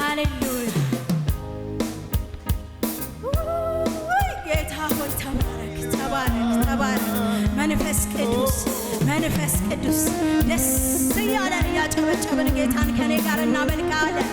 ሃሌሉያ ጌታ ሆይ ተባረክ፣ ተባረክ፣ ተባረክ። መንፈስ ቅዱስ መንፈስ ቅዱስ ደስ እያለን እያጨበጨብን ጌታን ከኔ ጋር እናመልካለን።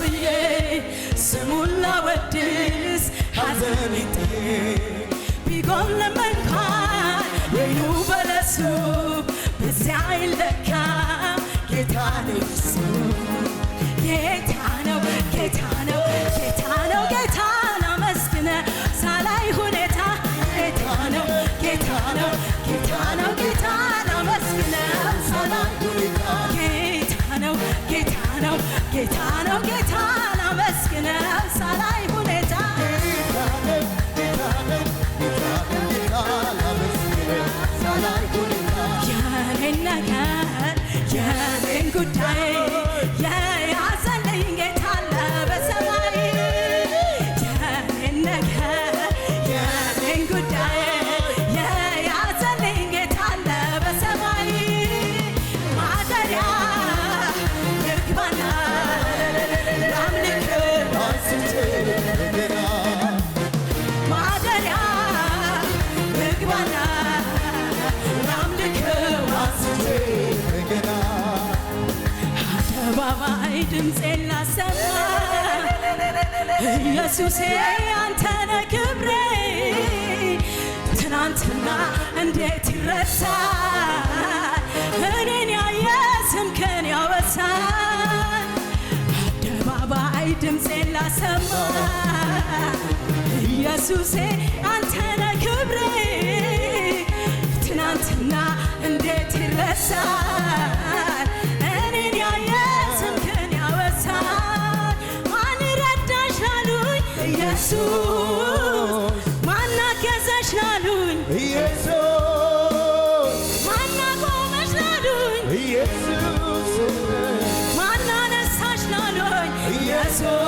ብዬ ስሙን ላወድስ ሐዘኒት ቢጎን ለመንኳ ወይኑ በለሱ በዚያ አይለካ ጌታ ነው እሱ ጌታ ነው ጌታን አመስግነው ሳላይሆ እንግዳ ማደሪያ ንግባና ናምልክው ላሰማ ኢየሱሴ አንተነ ክብሬ ትናንትና እንዴት ይረሳል እኔን ያየ ስምክን ያወሳል አደባባይ ድምፄን ላሰማ ኢየሱሴ አንተነ ክብሬ ትናንትና እንዴት ይረሳል? እኔን ያየ ስምህን ያወሳል። ማን ረዳሽ አሉኝ ኢየሱስ፣ ማን አገዘሽ አሉኝ ኢየሱስ፣ ማን አቆመሽ ኢየሱስ፣ ማን አነሳሽ ኢየሱስ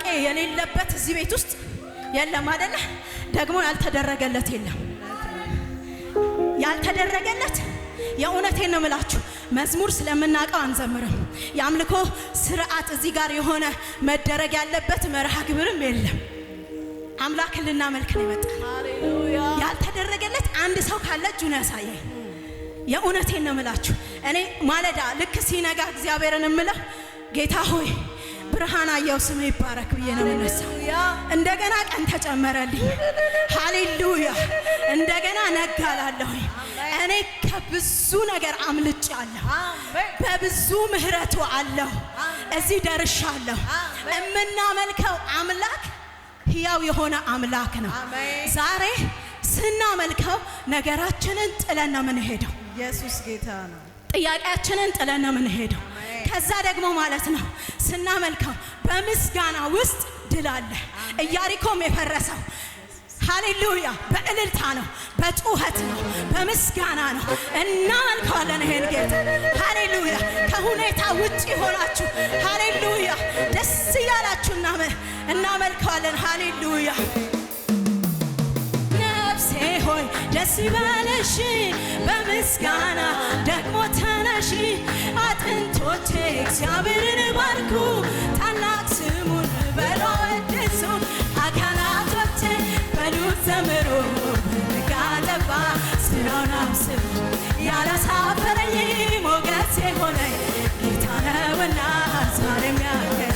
ጥያቄ የሌለበት እዚህ ቤት ውስጥ የለም አይደለ? ደግሞ ያልተደረገለት የለም። ያልተደረገለት የእውነቴን ነው የምላችሁ። መዝሙር ስለምናውቀው አንዘምርም። የአምልኮ ስርዓት እዚህ ጋር የሆነ መደረግ ያለበት መርሃ ግብርም የለም። አምላክን ልናመልክ ነው የመጣን። ያልተደረገለት አንድ ሰው ካለ እጁን ያሳያኝ። የእውነቴን ነው የምላችሁ። እኔ ማለዳ ልክ ሲነጋ እግዚአብሔርን ምለው ጌታ ሆይ ብርሃን አየው ስም ይባረክ ብዬ ነው የምነሳው። እንደገና ቀን ተጨመረልኝ። ሃሌሉያ! እንደገና ነጋላለሁኝ። እኔ ከብዙ ነገር አምልጫለሁ። በብዙ ምህረቱ አለሁ እዚህ ደርሻለሁ። የምናመልከው አምላክ ሕያው የሆነ አምላክ ነው። ዛሬ ስናመልከው ነገራችንን ጥለን ነው የምንሄደው። ኢየሱስ ጌታ ነው። ጥያቄያችንን ጥለን ነው የምንሄደው። ከዛ ደግሞ ማለት ነው ስናመልከው በምስጋና ውስጥ ድል አለ። ኢያሪኮም የፈረሰው ሃሌሉያ በእልልታ ነው፣ በጩኸት ነው፣ በምስጋና ነው። እናመልከዋለን ይሄን ጌታ ሃሌሉያ። ከሁኔታ ውጭ ሆናችሁ ሃሌሉያ ደስ እያላችሁ እናመልከዋለን። ሃሌሉያ ነፍሴ ሆይ ደስ ይበለሽ በምስጋና ደግሞ ስለሽ አጥንቶቼ እግዚአብሔርን ባርኩ፣ ታላቅ ስሙን በሎ አካላቶቼ በሉ ዘምሩ። በጋ ስራውን አብስሩ ያላሳፈረኝ ሞገሴ ጌታ ነውና ዛሬም ያገ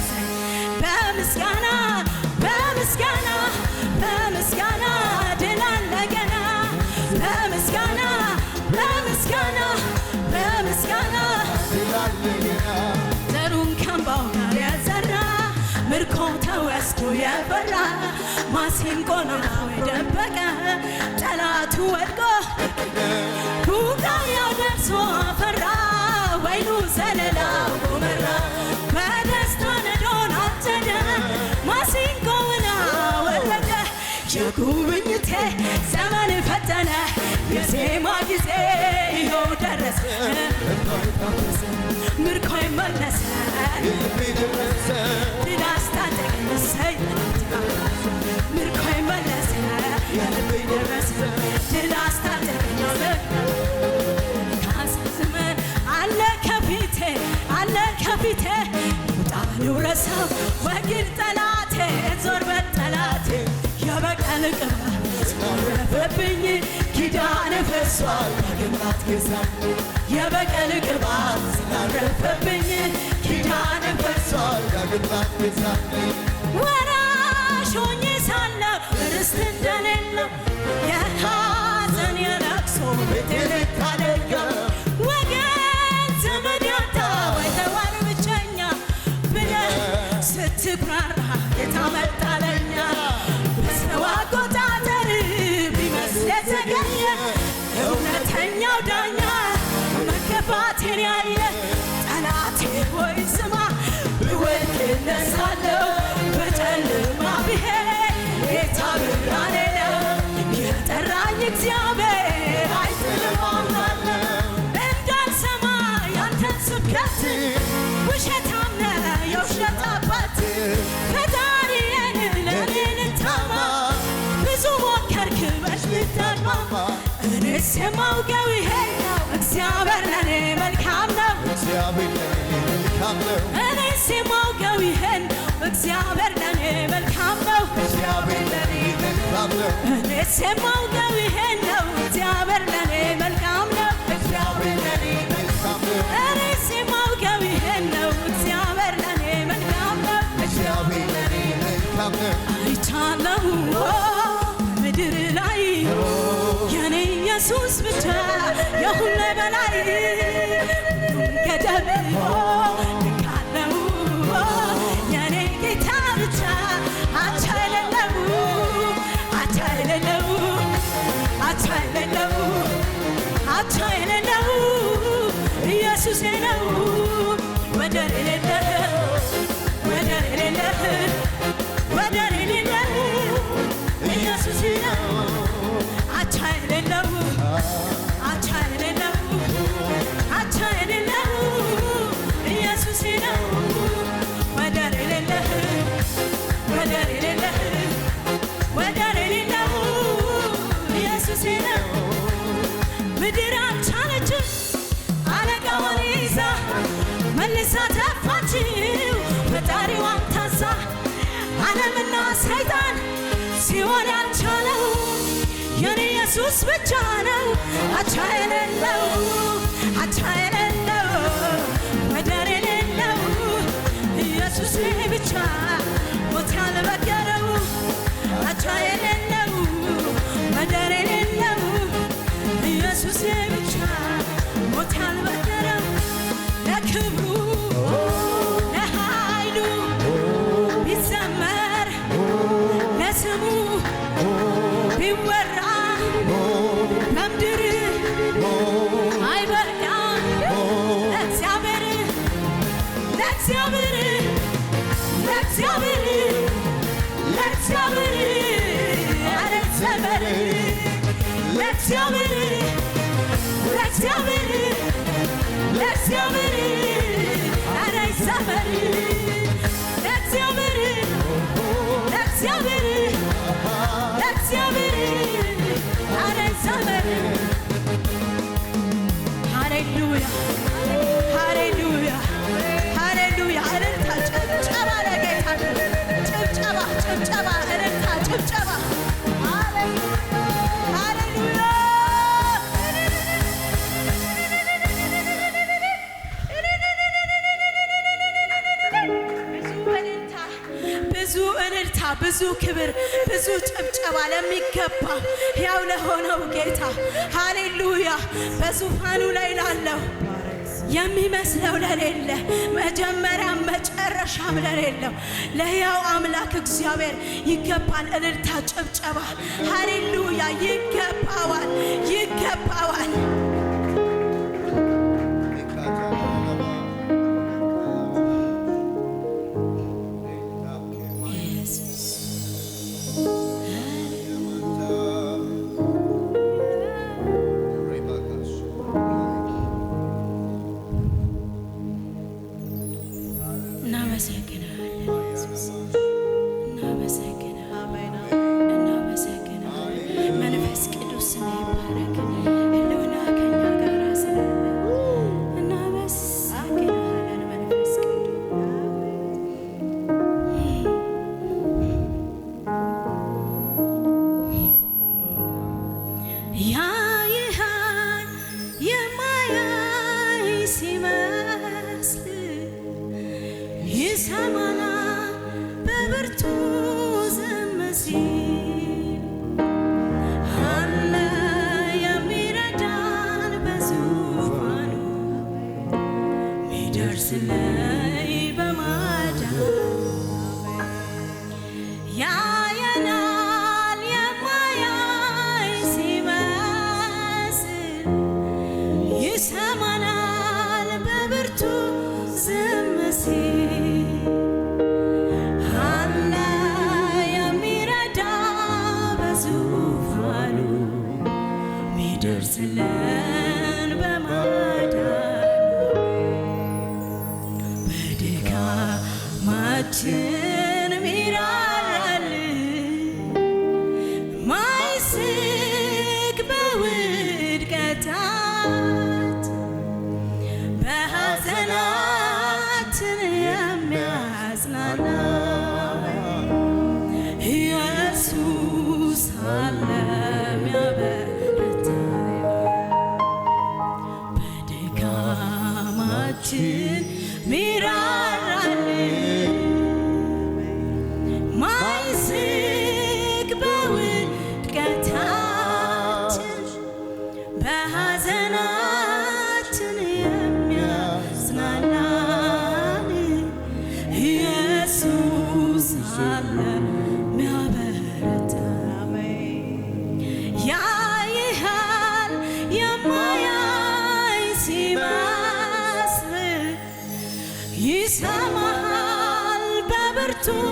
ወራ ማሲንቆን አፉ ጠላቱ ወድቆ ዱካያው ደርሶ ፈራ ወይኑ ዘለላ ጎመራ በደስታ ነዶን አጨደ ማሲንቆውን አወለቀ የጉብኝቴ ዘመን ፈጠነ የዜማ ጊዜ ይኸው ደረሰ ከፊቴ ጠላቴ ዞር በጠላቴ የበቀል ቅባ ረፍብኝ ፈሷል ዳግም አትገዛም የበቀል ቅባት ስላረፈብኝ ኪዳን ፈሷል ዳግም አትገዛም ወራሽ ሆኜ ሳለ ርስት እንደሌለ የሐዘን የለቅሶ ቤቴ ልታደርጋ ወገን ዘመድ ያጣ ባይተዋር ብቸኛ ብለህ ስትኩራራ የታመጣለኛ በሰው አቆጣ የማውቀው ይሄ ነው እግዚአብሔር ለኔ መልካም ነው። እኔስ የማውቀው ይሄን እግዚአብሔር ለኔ መልካም ነው። እኔስ የማውቀው ይሄን ነው እግዚአብሔር ለኔ ብቻ የሁሉ በላይ ገደብ ልካለው ነው ወደር የሌለው ወደር የሌለው ተሳተፋችው ፈጣሪዋን ታዛ ዓለምና ሰይጣን ሲሆን ያልቻለው የኔ ኢየሱስ ብቻ ነው አቻ የሌለው አቻ የሌለው ወደር የሌለው ኢየሱስ ብቻ ሞት ያልበገረው አቻ የሌለው ወደር የሌለው ኢየሱስ köprü. Oh. ብዙ ክብር፣ ብዙ ጭብጨባ ለሚገባ ያው ለሆነው ጌታ ሃሌሉያ። በዙፋኑ ላይ ላለው የሚመስለው ለሌለ መጀመሪያም መጨረሻም ለሌለው ለሕያው አምላክ እግዚአብሔር ይገባል እልልታ፣ ጭብጨባ። ሃሌሉያ ይገባዋል፣ ይገባዋል። tonight. to